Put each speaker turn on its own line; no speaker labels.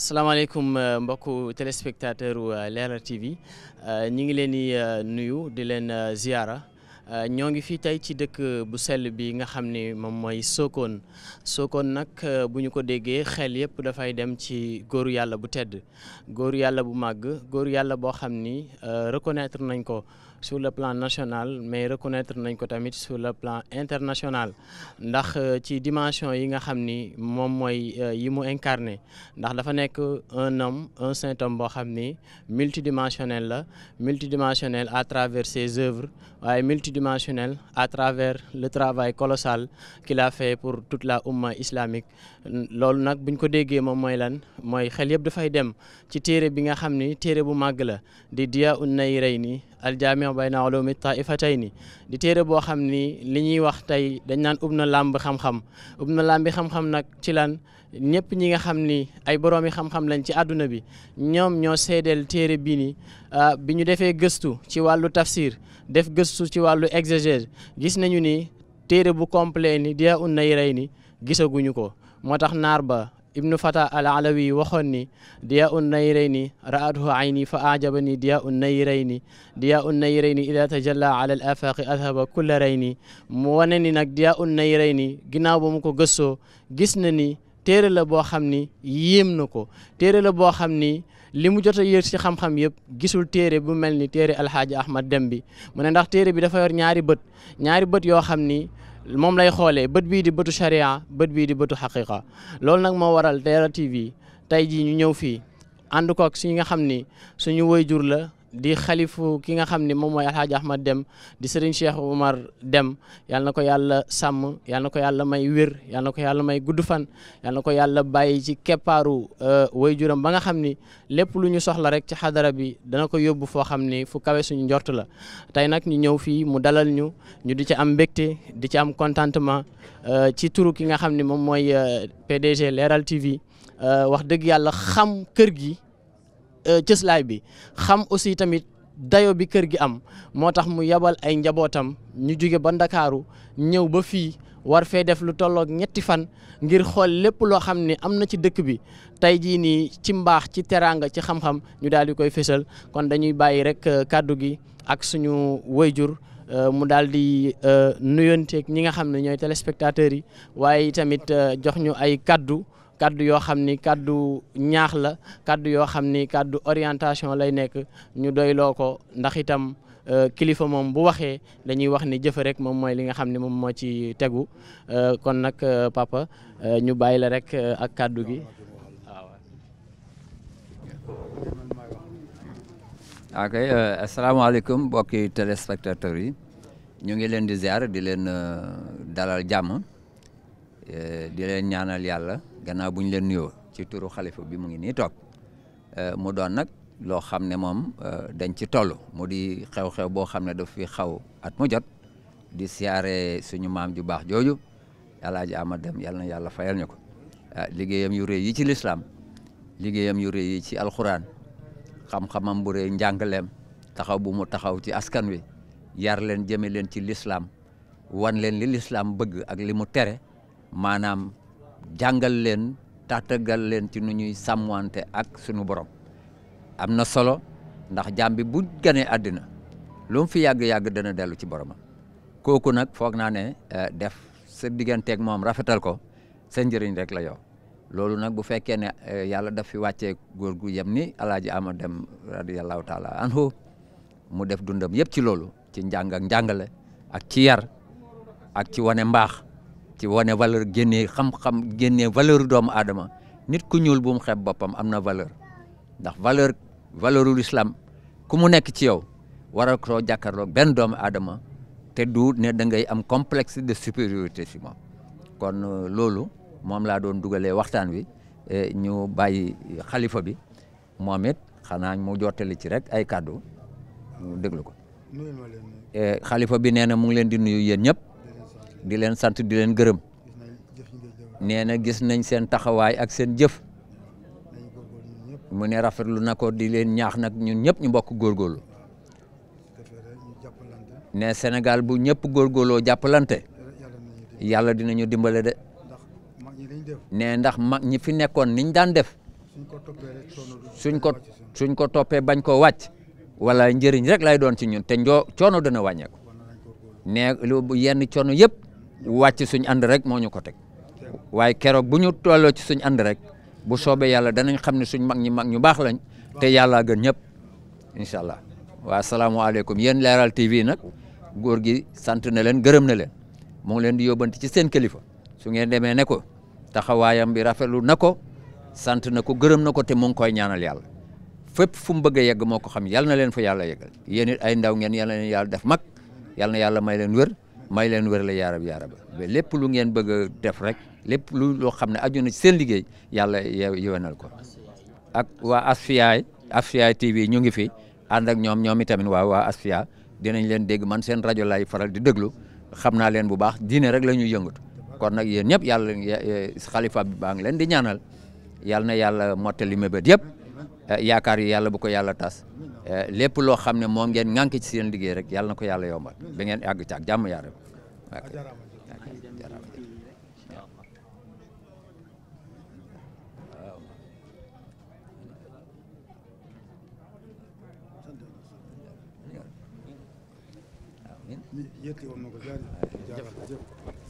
salaamaaleykum euh, mbokku téléspectateur u euh, Leral TV euh, ñi ngi leen di nuyu di leen ziara Euh, ñoo ngi fii tey ci dëkk bu sell bi nga xam ni moom mooy Sokone Sokone nag euh, bu ñu ko déggee xel yëpp dafay dem ci góor yàlla bu tedd góor yàlla bu màgg góor yàlla boo xam ni euh, reconnaître nañ ko sur le plan national mais reconnaître nañ ko tamit sur le plan international ndax ci dimension yi nga xam ni moom mooy yi mu incarné ndax dafa nekk un homme un saint boo xam ni multidimensionnel la multidimensionnel à travers ses waaye multidimensionnel à travers le travail colossal qu'il a fait pour tout la umma islamique loolu nag buñ ko déggee moom mooy lan mooy xel yëpp dafay dem ci téere bi nga xam ni téere bu màgg la di Diyaa'un Nayrayni aljaamiu bayna ulumi taifatayni di téere boo xam ni li ñuy wax tey dañ naan ub na làmb xam-xam ub na làmbi xam-xam nag ci lan ñëpp ñi nga xam ni ay boroomi xam-xam lañ ci àdduna bi ñoom ñoo seedeel téere bii ni ah, bi ñu defee gëstu ci wàllu tafsir def gëstu ci wàllu exégèse gis nañu ni téere bu complet ni diya un nay rey ni gisaguñu ko moo tax naar ba ibnu fata al alawi waxoon ni diya un nayrayni ra'atuhu ayni fa ajabani diya un nayrayni diya un nayrayni ida tajalla ala al afaqi adhaba kulla mu wane ni nag diya nayrayni ginnaaw ba ko gëstoo gis na ni téere la boo xam ni yéem na ko téere la boo xam ni li mu jot a yër ci xam-xam yëpp gisul téere bu mel ni téere alxaaji ahmad dem bi mu ne ndax téere bi dafa yor ñaari bët ñaari bët yoo xam ni moom lay xoolee bët bii di bëtu charia bët bii di bëtu xaqiqa loolu nag moo waral Leral TV tey jii ñu ñëw fii ànd koog si nga xam ni suñu woy jur la di xalifu ki nga xam ni moom mooy alxaaji ahmad dem di sëriñ cheikh oumar dem yal na ko yàlla sàmm yal ko yàlla may wér yal na ko yàlla may gudd fan yal ko yàlla bàyyi ci keppaaru euh, waajuram ba nga xam ni lépp lu ñu soxla rek ci xadara bi dana ko yóbbu foo xam ni fu kawe suñu njort la tey nag ñu ñëw fii mu dalal ñu ñu di ci am mbégte di ci am contentement euh, ci turu ki nga xam ni moom mooy euh, PDG Leral TV wax dëgg yàlla xam kër gi Euh, cëslaay bi xam aussi tamit dayo bi kër gi am moo tax mu yabal ay njabootam ñu jóge ba ndakaaru ñëw ba fi war fee def lu tolloog ñetti fan ngir xool lépp loo xam ni am na ci dëkk bi tey jii nii ci mbaax ci teraanga ci xam-xam ñu daal di koy fésal kon dañuy bàyyi rek euh, kàddu gi ak suñu wayjur euh, mu daal di nuyonteeg ñi nga xam ne ñooy téléspectateurs yi waaye tamit jox ñu ay kàddu kaddu yoo xam ni kaddu ñaax la kaddu yoo xam ni kaddu orientation lay nekk ñu doy loo ko ndax itam euh, kilifa moom bu waxee dañuy wax ni jëfe rek moom mooy li nga xam ni moom moo ci tegu euh, kon nag euh, papa ñu bàyyi la rek ak kaddu gi
waaw. Ah, ok asalaamaaleykum mbokki téléspectateurs yi ñu ngi leen di ziar di leen dalal jàmm di leen ñaanal yàlla. gannaaw bu ñu leen nuyoo ci turu xalifa bi mu ngi nii toog euh, mu doon nag loo xam ne moom euh, dañ ci toll mu di xew-xew boo xam ne daf fi xaw at mu jot di siyaare suñu maam ju baax jooju alaaji Amad Dem yàlla na yàlla fayal ñu ko euh, liggéeyam yu yi ci lislaam liggéeyam yu yi ci alxuraan xam-xamam bu rëy njàngaleem taxaw bu mu taxaw ci askan wi yar leen jëme leen ci lislaam wan leen li lislaam bëgg ak li tere maanaam jàngal leen tàttagal leen ci nu ñuy sàmmwante ak sunu borom am na solo ndax jaam bu ganee àddina lu mu fi yàgg-yàgg dana dellu ci boroma kooku nag foog naa ne eh, def sa digganteeg moom rafetal ko sa njëriñ rek la yow loolu nag bu fekkee ne eh, yàlla daf fi wàcce góor gu yem ni alaaji ama dem radiyallahu taala anhu mu def dundam yëpp ci loolu ci njàng ak njàngale ak ci yar ak ci wane mbaax ci wane valeur génne xam-xam génnee valeur doomu aadama nit ku ñuul bu mu xeeb boppam am na valeur ndax valeur valeuru l'islam ku mu nekk ci yow war a soo benn doomu aadama te du ne da ngay am complexe de supériorité si kon euh, loolu moom laa doon dugalee waxtaan wi e, ñu bàyyi xalifa bi moom it xanaa mu jottali ci rek ay kàddu mu déglu ko e, xalifa bi nee na mu ngi leen di nuyu yéen ñëpp di leen sant di leen gërëm nee na gis nañ seen taxawaay ak seen jëf mu ne rafetlu na ko di leen ñaax nag ñun ñëpp ñu mbokk góorgóorlu ne senegal bu ñëpp góorgóorloo jàppalante yàlla ñu dimbale de ne ndax mag ñi fi nekkoon niñ daan def suñ ko suñ ko toppee bañ koo wàcc wala njëriñ rek lay doon ci ñun te njoo coono dana wàññeeku ne yenn coono yëpp. wàcc suñ ànd rek moo ñu ko teg waaye keroog bu ñu tolloo ci suñ ànd rek bu soobee yàlla danañ xam ne suñ mag ñi mag ñu baax lañ te yàllaa gën ñëpp incha allah waaw salaamualeykum yéen leeral TV nag góor gi sant na leen gërëm na leen mu ngi leen di yóbbante ci seen kilifa su ngeen demee ne ko taxawaayam bi rafetlu na ko sant na ko gërëm na ko te mu koy ñaanal yàlla fépp fu mu bëgg a yegg moo ko xam yàlla na leen fa yàlla yeggal yéen ay ndaw ngeen yàlla yàlla def mag yàlla na yàlla may leen wér. may leen wérale yaarab yaarab ba lépp lu ngeen bëgg def rek lépp lu loo xam ne aju na seen liggéey yàlla yewenal ko ak waa Asfiyahi Asfiyahi TV ñu ngi fi ànd ak ñoom ñoom itamit waa waa Asfiyahi dinañ leen dégg man seen rajo laay faral di déglu xam naa leen bu baax diine rek la ñuy yëngatu ko nag yéen ñëpp yàlla xalifa bi baa leen di ñaanal yàlla na yàlla mottali mébét yëpp. Eh, yaakaar yi yàlla bu ko yàlla tas eh, lépp loo xam ne moom ngeen ŋànk ci seen liggéey rek yàlla na ko yàlla yombal ba ngeen àgg ci ak jàmm yaa
rek